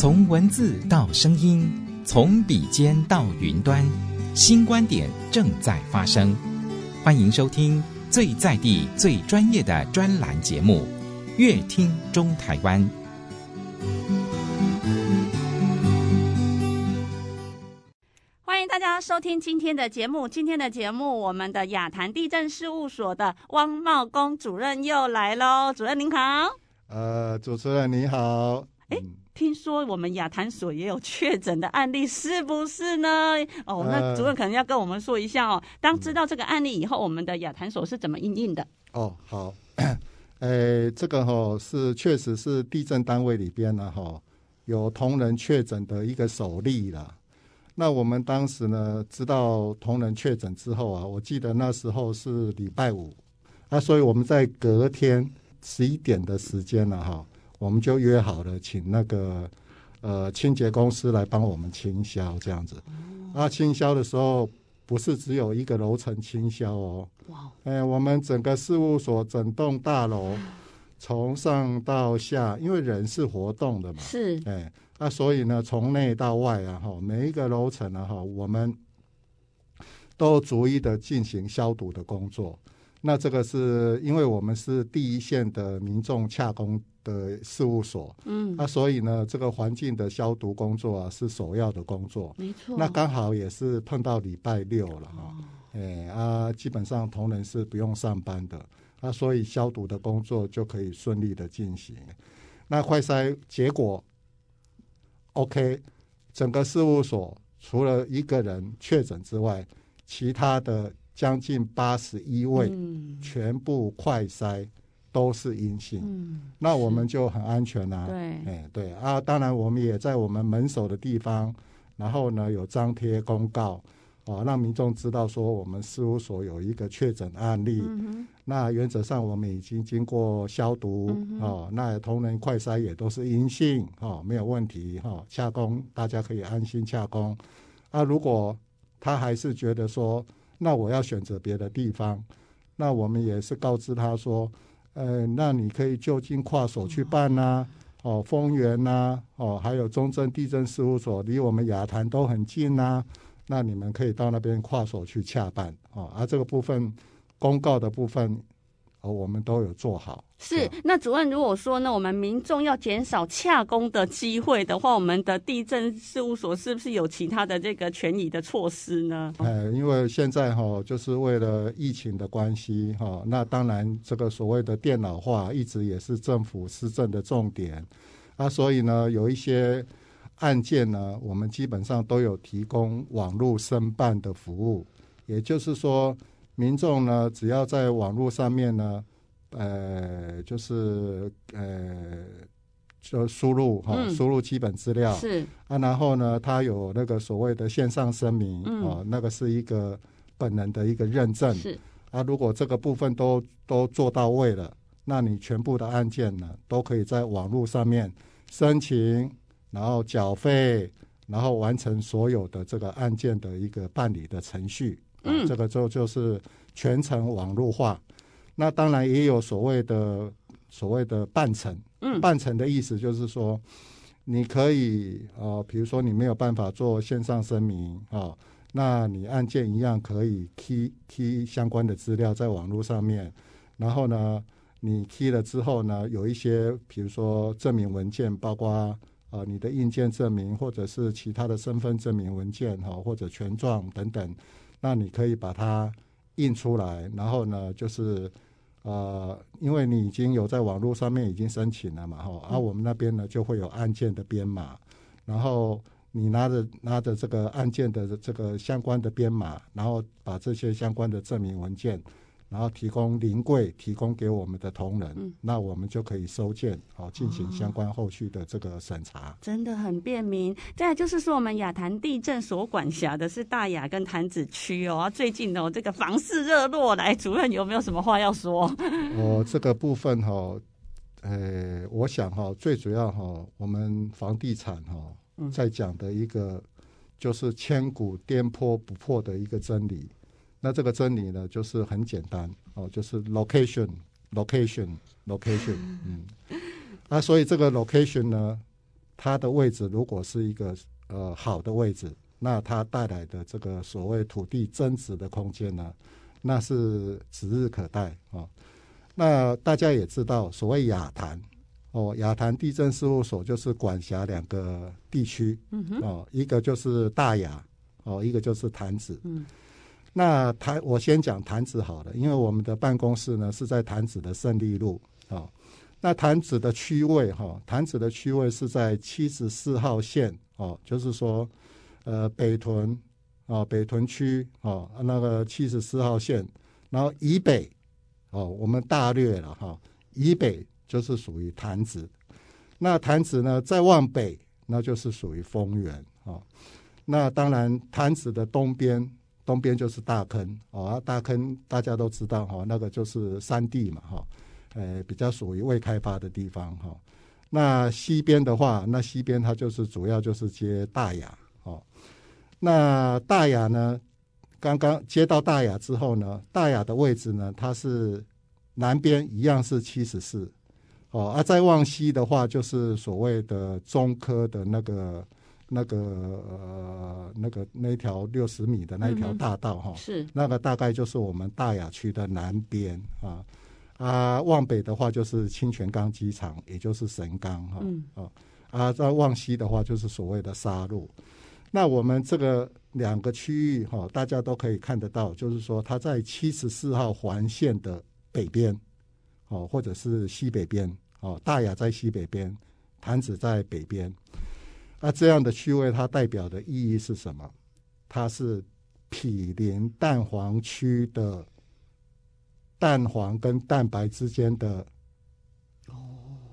從文字到聲音，從筆尖到雲端，新觀點正在發生。歡迎收聽最在地、最專業的專欄節目《樂聽中台灣》。歡迎大家收聽今天的節目。今天的節目，我們的雅潭地政事務所的汪懋功主任又來嘍。主任您好，呃，主持人你好。誒，聽說我們雅潭所也有確診的案例，是不是呢？哦，那主任可能要跟我們說一下哦。呃、當知道這個案例以後，我們的雅潭所是怎麼因應的？哦，好，誒，這個哈、哦、是確實是地政單位裡邊呢、啊、哈、哦，有同仁確診的一個首例了。那我們當時呢知道同仁確診之後啊，我記得那時候是禮拜五啊，所以我們在隔天十一點的時間了、啊、哈。哦我們就約好了，請那個呃清潔公司來幫我們清消這樣子。哦。那、啊、清消的時候，不是只有一個樓層清消哦。哇。哎，我們整個事務所整棟大樓，從上到下，因為人是活動的嘛。是。哎，那、啊、所以呢，從內到外，啊，然後每一個樓層啊，哈，我們都逐一的進行消毒的工作。那這個是因為我們是第一線的民眾洽工的事務所，嗯，那、啊、所以呢，這個環境的消毒工作啊是首要的工作，沒錯。那剛好也是碰到禮拜六了哈、哦，哎啊，基本上同仁是不用上班的，那、啊、所以消毒的工作就可以順利的進行。那快篩結果 OK，整個事務所除了一個人確診之外，其他的。將近八十一位、嗯，全部快篩都是陰性、嗯，那我們就很安全啦、啊。對，哎、對啊，當然我們也在我們門首的地方，然後呢有張貼公告啊、哦，讓民眾知道說我們事務所有一個確診案例。嗯、那原則上我們已經經過消毒、嗯、哦，那同仁快篩也都是陰性哈、哦，沒有問題哈，洽、哦、公大家可以安心洽公。啊，如果他還是覺得說，那我要選擇別的地方，那我們也是告知他說，呃，那你可以就近跨所去辦吶、啊，哦，豐原吶、啊，哦，還有中正地政事務所離我們雅潭都很近吶、啊，那你們可以到那邊跨所去洽辦哦，而、啊、這個部分公告的部分。而、哦、我們都有做好。是，是那主任，如果說呢，我們民眾要減少洽公的機會的話，我們的地政事務所是不是有其他的這個權益的措施呢？因為現在哈，就是為了疫情的關係哈，那當然這個所謂的電腦化一直也是政府施政的重點啊，所以呢，有一些案件呢，我們基本上都有提供網絡申辦的服務，也就是說。民眾呢，只要在網絡上面呢，呃，就是呃，就輸入哈，輸、啊嗯、入基本資料，是啊，然後呢，他有那個所謂的線上聲明、嗯、啊，那個是一個本人的一個認證，是啊，如果這個部分都都做到位了，那你全部的案件呢，都可以在網絡上面申請，然後繳費，然後完成所有的這個案件的一個辦理的程序。嗯、啊，這個就就是全程網絡化，那當然也有所謂的所謂的半程。嗯，半程的意思就是說，你可以啊，比如說你沒有辦法做線上聲明啊，那你案件一樣可以 key key 相關的資料在網絡上面。然後呢，你 key 了之後呢，有一些比如說證明文件，包括啊你的印鑑證明或者是其他的身份證明文件哈、啊，或者權狀等等。那你可以把它印出來，然後呢，就是呃，因為你已經有在網絡上面已經申請了嘛，哈，而我們那邊呢就會有案件的編碼，然後你拿着拿着這個案件的這個相關的編碼，然後把這些相關的證明文件。然後提供臨櫃，提供給我們的同仁，嗯、那我們就可以收件，好、哦、進行相關後續的這個審查。哦、真的很便民。再來就是說，我們雅潭地震政所管轄的是大雅跟潭子區哦。最近哦，這個房市熱絡，來主任有沒有什麼話要說？我、哦、這個部分哈、哦，呃、哎，我想哈、哦，最主要哈、哦，我們房地產哈、哦嗯，在講的一個就是千古顛撲不破的一個真理。那這個真理呢，就是很簡單哦，就是 location，location，location，location, location, 嗯，啊，所以這個 location 呢，它的位置如果是一個呃好的位置，那它帶來的這個所謂土地增值的空間呢，那是指日可待哦。那大家也知道，所謂雅潭哦，雅潭地政事務所就是管轄兩個地區，嗯，哦，一個就是大雅，哦，一個就是潭子。嗯那潭，我先講潭子好了，因為我們的辦公室呢是在潭子的勝利路啊、哦。那潭子的區位哈、哦，潭子的區位是在七十四號線哦，就是說，呃，北屯啊、哦，北屯區啊、哦，那個七十四號線，然後以北哦，我們大略了哈、哦，以北就是屬於潭子。那潭子呢，再往北，那就是屬於豐原啊。那當然，潭子的東邊。東邊就是大坑哦，大坑大家都知道哈，那個就是山地嘛哈，呃，比較屬於未開發的地方哈。那西邊的話，那西邊它就是主要就是接大雅哦。那大雅呢，剛剛接到大雅之後呢，大雅的位置呢，它是南邊一樣是七十四哦。啊，再往西的話，就是所謂的中科的那個。那個呃，那個那條六十米的那一條大道哈、嗯，是、哦、那個大概就是我們大雅區的南邊啊，啊，往北的話就是清泉崗機場，也就是神岡哈，啊，再、嗯、往、啊啊、西的話就是所謂的沙鹿。那我們這個兩個區域哈、哦，大家都可以看得到，就是說它在七十四號環線的北邊，哦，或者是西北邊哦，大雅在西北邊，潭子在北邊。那、啊、這樣的區位，它代表的意義是什麼？它是毗鄰蛋黃區的蛋黃跟蛋白之間的、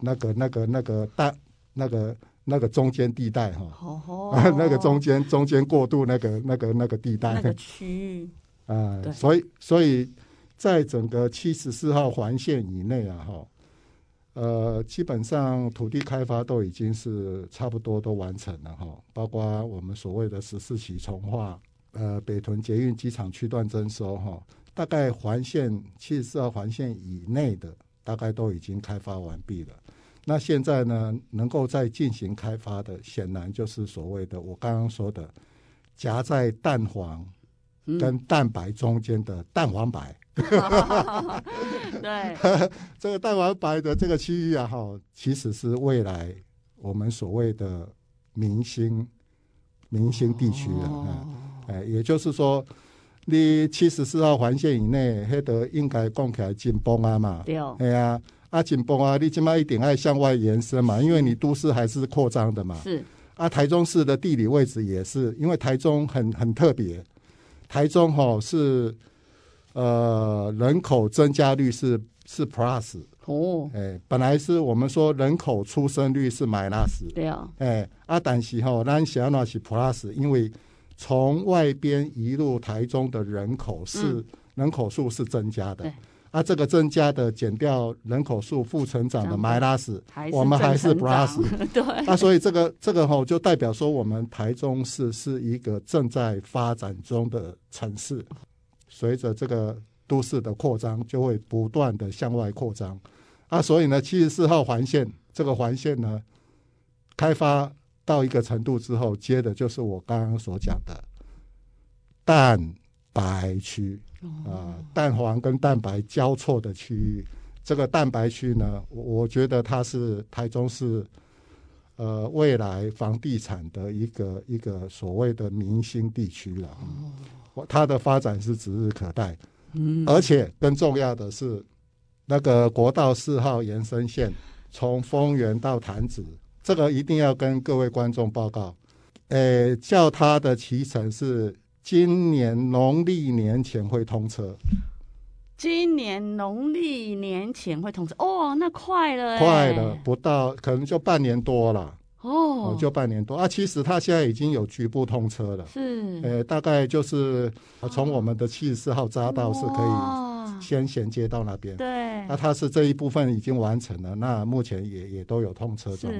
那個哦、那個、那個、那個蛋、那個、那個中間地帶哈、哦啊，那個中間、中間過渡那個、那個、那個地帶那個區域啊、嗯，所以，所以在整個七十四號環線以內啊，哈。呃，基本上土地開發都已經是差不多都完成了哈，包括我們所謂的十四期重劃，呃北屯捷運機場區段徵收哈，大概環線七十四號環線以內的大概都已經開發完畢了。那現在呢，能夠再進行開發的，顯然就是所謂的我剛剛說的夾在蛋黃跟蛋白中間的蛋黃白、嗯。 對呵呵，這個大王北的這個區域啊，哈，其實是未來我們所謂的明星明星地區了、啊。哎、哦啊，也就是說，你七十四號環線以內，黑、那、的、個，應該剛開始進豐啊嘛。對、哦、對啊啊呀，阿啊，你起碼一點愛向外延伸嘛，因為你都市還是擴張的嘛。是。啊，台中市的地理位置也是，因為台中很很特別，台中吼是。呃，人口增加率是是 plus 哦，哎，本來是我們說人口出生率是 minus 對呀、啊，哎、欸，阿膽西吼，蘭喜阿納西 plus，因為從外邊移入台中的人口是、嗯、人口數是增加的，啊，這個增加的減掉人口數負成長的 minus 我們還是 plus， 對，那、啊、所以這個這個吼就代表說我們台中市是一個正在發展中的城市。隨着這個都市的擴張，就會不斷的向外擴張。啊，所以呢，七十四號環線這個環線呢，開發到一個程度之後，接的就是我剛剛所講的蛋白區啊，蛋黃跟蛋白交錯的區域。這個蛋白區呢，我覺得它是台中市呃未來房地產的一個一個所謂的明星地區了。它的發展是指日可待，嗯，而且更重要的是，那個國道四號延伸線從豐原到潭子，這個一定要跟各位觀眾報告，誒、欸，叫他的期程是今年農曆年前會通車，今年農曆年前會通車，哦，那快了，快了，不到可能就半年多了。Oh, 哦，就半年多啊！其實它現在已經有局部通車了，是呃、欸，大概就是從我們的七十四號匝道是可以先銜接到那邊。對、oh, oh, oh, oh. 啊，那它是這一部分已經完成了，那目前也也都有通車中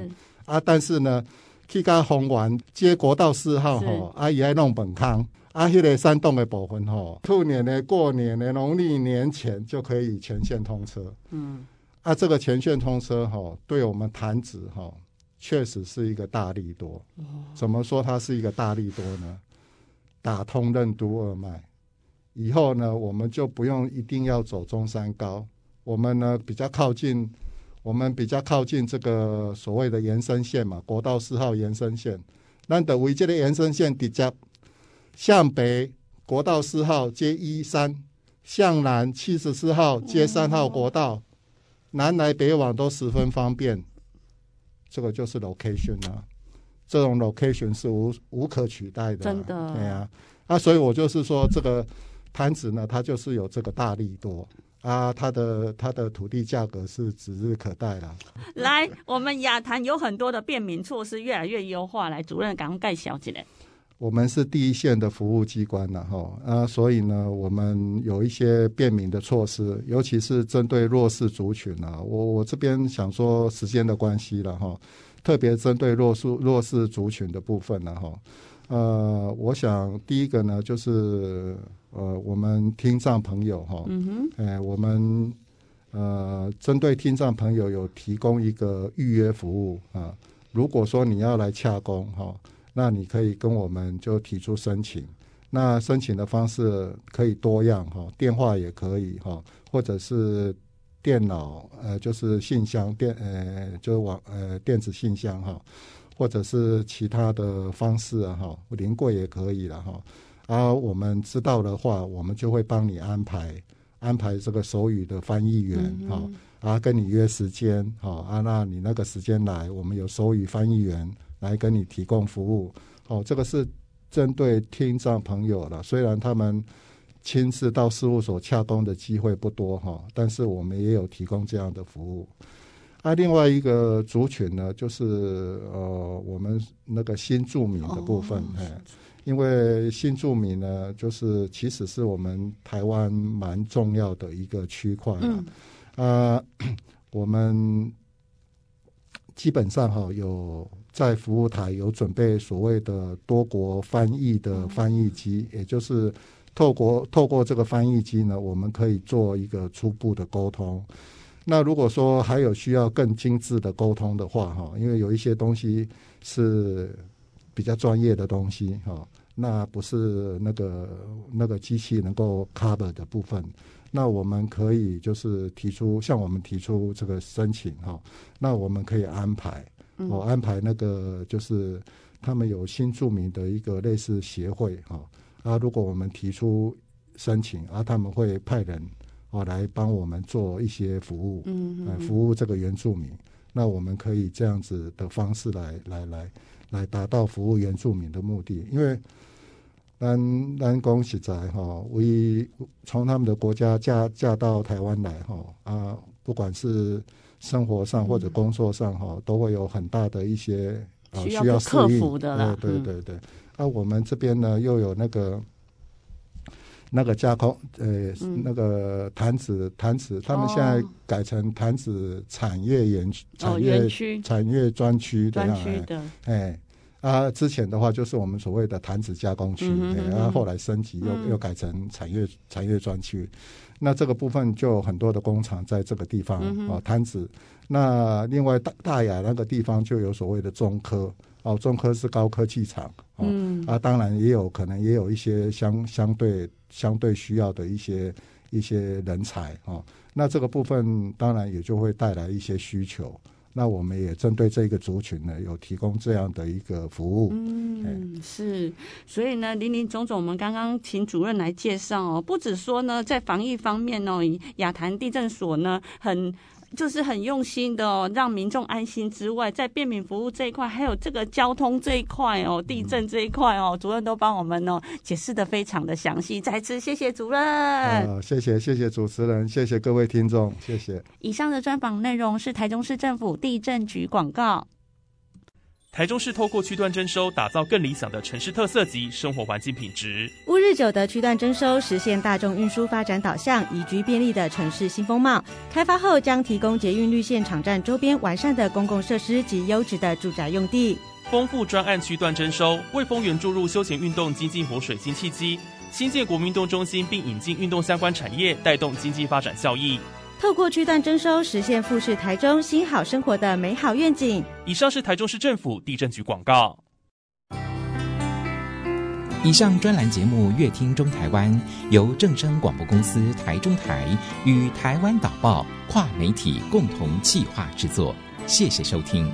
啊。但是呢，Kga 紅完接國道四號吼、哦，阿也愛弄本康阿，迄、啊那個山洞的部分吼、哦，兔年呢，過年咧農曆年前就可以全線通車。嗯，啊，這個全線通車吼、哦，對我們潭子吼。確實是一個大利多，怎麼說它是一個大利多呢？打通任督二脈以後呢，我們就不用一定要走中山高，我們呢比較靠近，我們比較靠近這個所謂的延伸線嘛，國道四號延伸線。那得維建的延伸線比較，向北國道四號接一三，向南七十四號接三號國道、嗯嗯嗯，南來北往都十分方便。這個就是 location 啊，這種 location 是無無可取代的，啊，真的，對啊，那，啊，所以我就是說，這個攤子呢，它就是有這個大利多啊，它的它的土地價格是指日可待了。來， 我們雅潭有很多的便民措施，越來越優化，來，主任趕快介紹起我們是第一線的服務機關了哈，啊，所以呢，我們有一些便民的措施，尤其是針對弱勢族群，啊、我我這邊想說時間的關係了哈，特別針對弱勢弱勢族群的部分哈，呃，我想第一個呢就是呃，我們聽障朋友哈，呃嗯哼哎，我們呃，針對聽障朋友有提供一個預約服務啊，呃，如果說你要來洽公哈，呃那你可以跟我們就提出申請，那申請的方式可以多樣哈，電話也可以哈，或者是電腦呃就是信箱電呃就網呃電子信箱哈，或者是其他的方式啊哈，臨櫃也可以了哈。啊，我們知道的話，我們就會幫你安排安排這個手語的翻譯員嗯嗯啊，啊跟你約時間哈，啊那你那個時間來，我們有手語翻譯員。來跟你提供服務，好、哦，這個是針對聽障朋友了。雖然他們親自到事務所洽公的機會不多哈、哦，但是我們也有提供這樣的服務。啊，另外一個族群呢，就是呃，我們那個新住民的部分，哦哎、因為新住民呢，就是其實是我們台灣蠻重要的一個區塊、嗯、啊，我們基本上哈、哦、有。在服務台有準備所謂的多國翻譯的翻譯機，也就是透過透過這個翻譯機呢，我們可以做一個初步的溝通。那如果說還有需要更精緻的溝通的話，哈，因為有一些東西是比較專業的東西，哈，那不是那個那個機器能夠 cover 的部分，那我們可以就是提出向我們提出這個申請，哈，那我們可以安排。我、哦、安排那個，就是他們有新住民的一個類似協會哈、哦，啊，如果我們提出申請，啊，他們會派人哦來幫我們做一些服務，嗯，嗯，嗯，服務這個原住民，那我們可以這樣子的方式來來來來達到服務原住民的目的，因為單單光是在哈，我從、哦、他們的國家嫁嫁到台灣來哈、哦，啊，不管是。生活上或者工作上哈、嗯，都會有很大的一些、啊、需要克服的對、嗯、對對對，嗯啊、我們這邊呢又有那個那個加工，呃，那個潭、欸嗯那個、子潭子，子，他們現在改成潭子產業園區，哦，產業專區，專、哦、區的。哎、欸，啊，之前的話就是我們所謂的潭子加工區，然、嗯、後、嗯欸啊嗯、後來升級又、嗯、又改成產業產業專區。那這個部分就有很多的工廠在這個地方啊，嗯、潭子。那另外大大雅那個地方就有所謂的中科，哦，中科是高科技廠、哦、嗯，啊，當然也有可能也有一些相相對相對需要的一些一些人才啊、哦。那這個部分當然也就會帶來一些需求。那我們也針對這個族群呢，有提供這樣的一個服務。嗯，哎、是，所以呢，林林總總，我們剛剛請主任來介紹哦，不止說呢，在防疫方面哦，雅潭地政所呢很。就是很用心的哦，讓民眾安心之外，在便民服務這一塊，還有這個交通這一塊哦，地政這一塊哦、嗯，主任都幫我們哦解釋的非常的詳細，再次謝謝主任。啊、謝謝謝謝主持人，謝謝各位聽眾，謝謝。以上的專訪內容是台中市政府地政局廣告。台中市透過區段徵收，打造更理想的城市特色及生活環境品質。烏日九德區段徵收，實現大眾運輸發展導向、宜居便利的城市新風貌。開發後將提供捷運綠線場站周邊完善的公共設施及優質的住宅用地。豐富專案區段徵收，為豐原注入休閒運動經濟活水新契機。新建國民運動中心，並引進運動相關產業，帶動經濟發展效益。透過區段徵收，實現富士台中新好生活的美好願景。以上是台中市政府地政局廣告。以上專欄節目《樂聽中台灣》由正聲廣播公司台中台與台灣導報跨媒體共同企劃製作，謝謝收聽。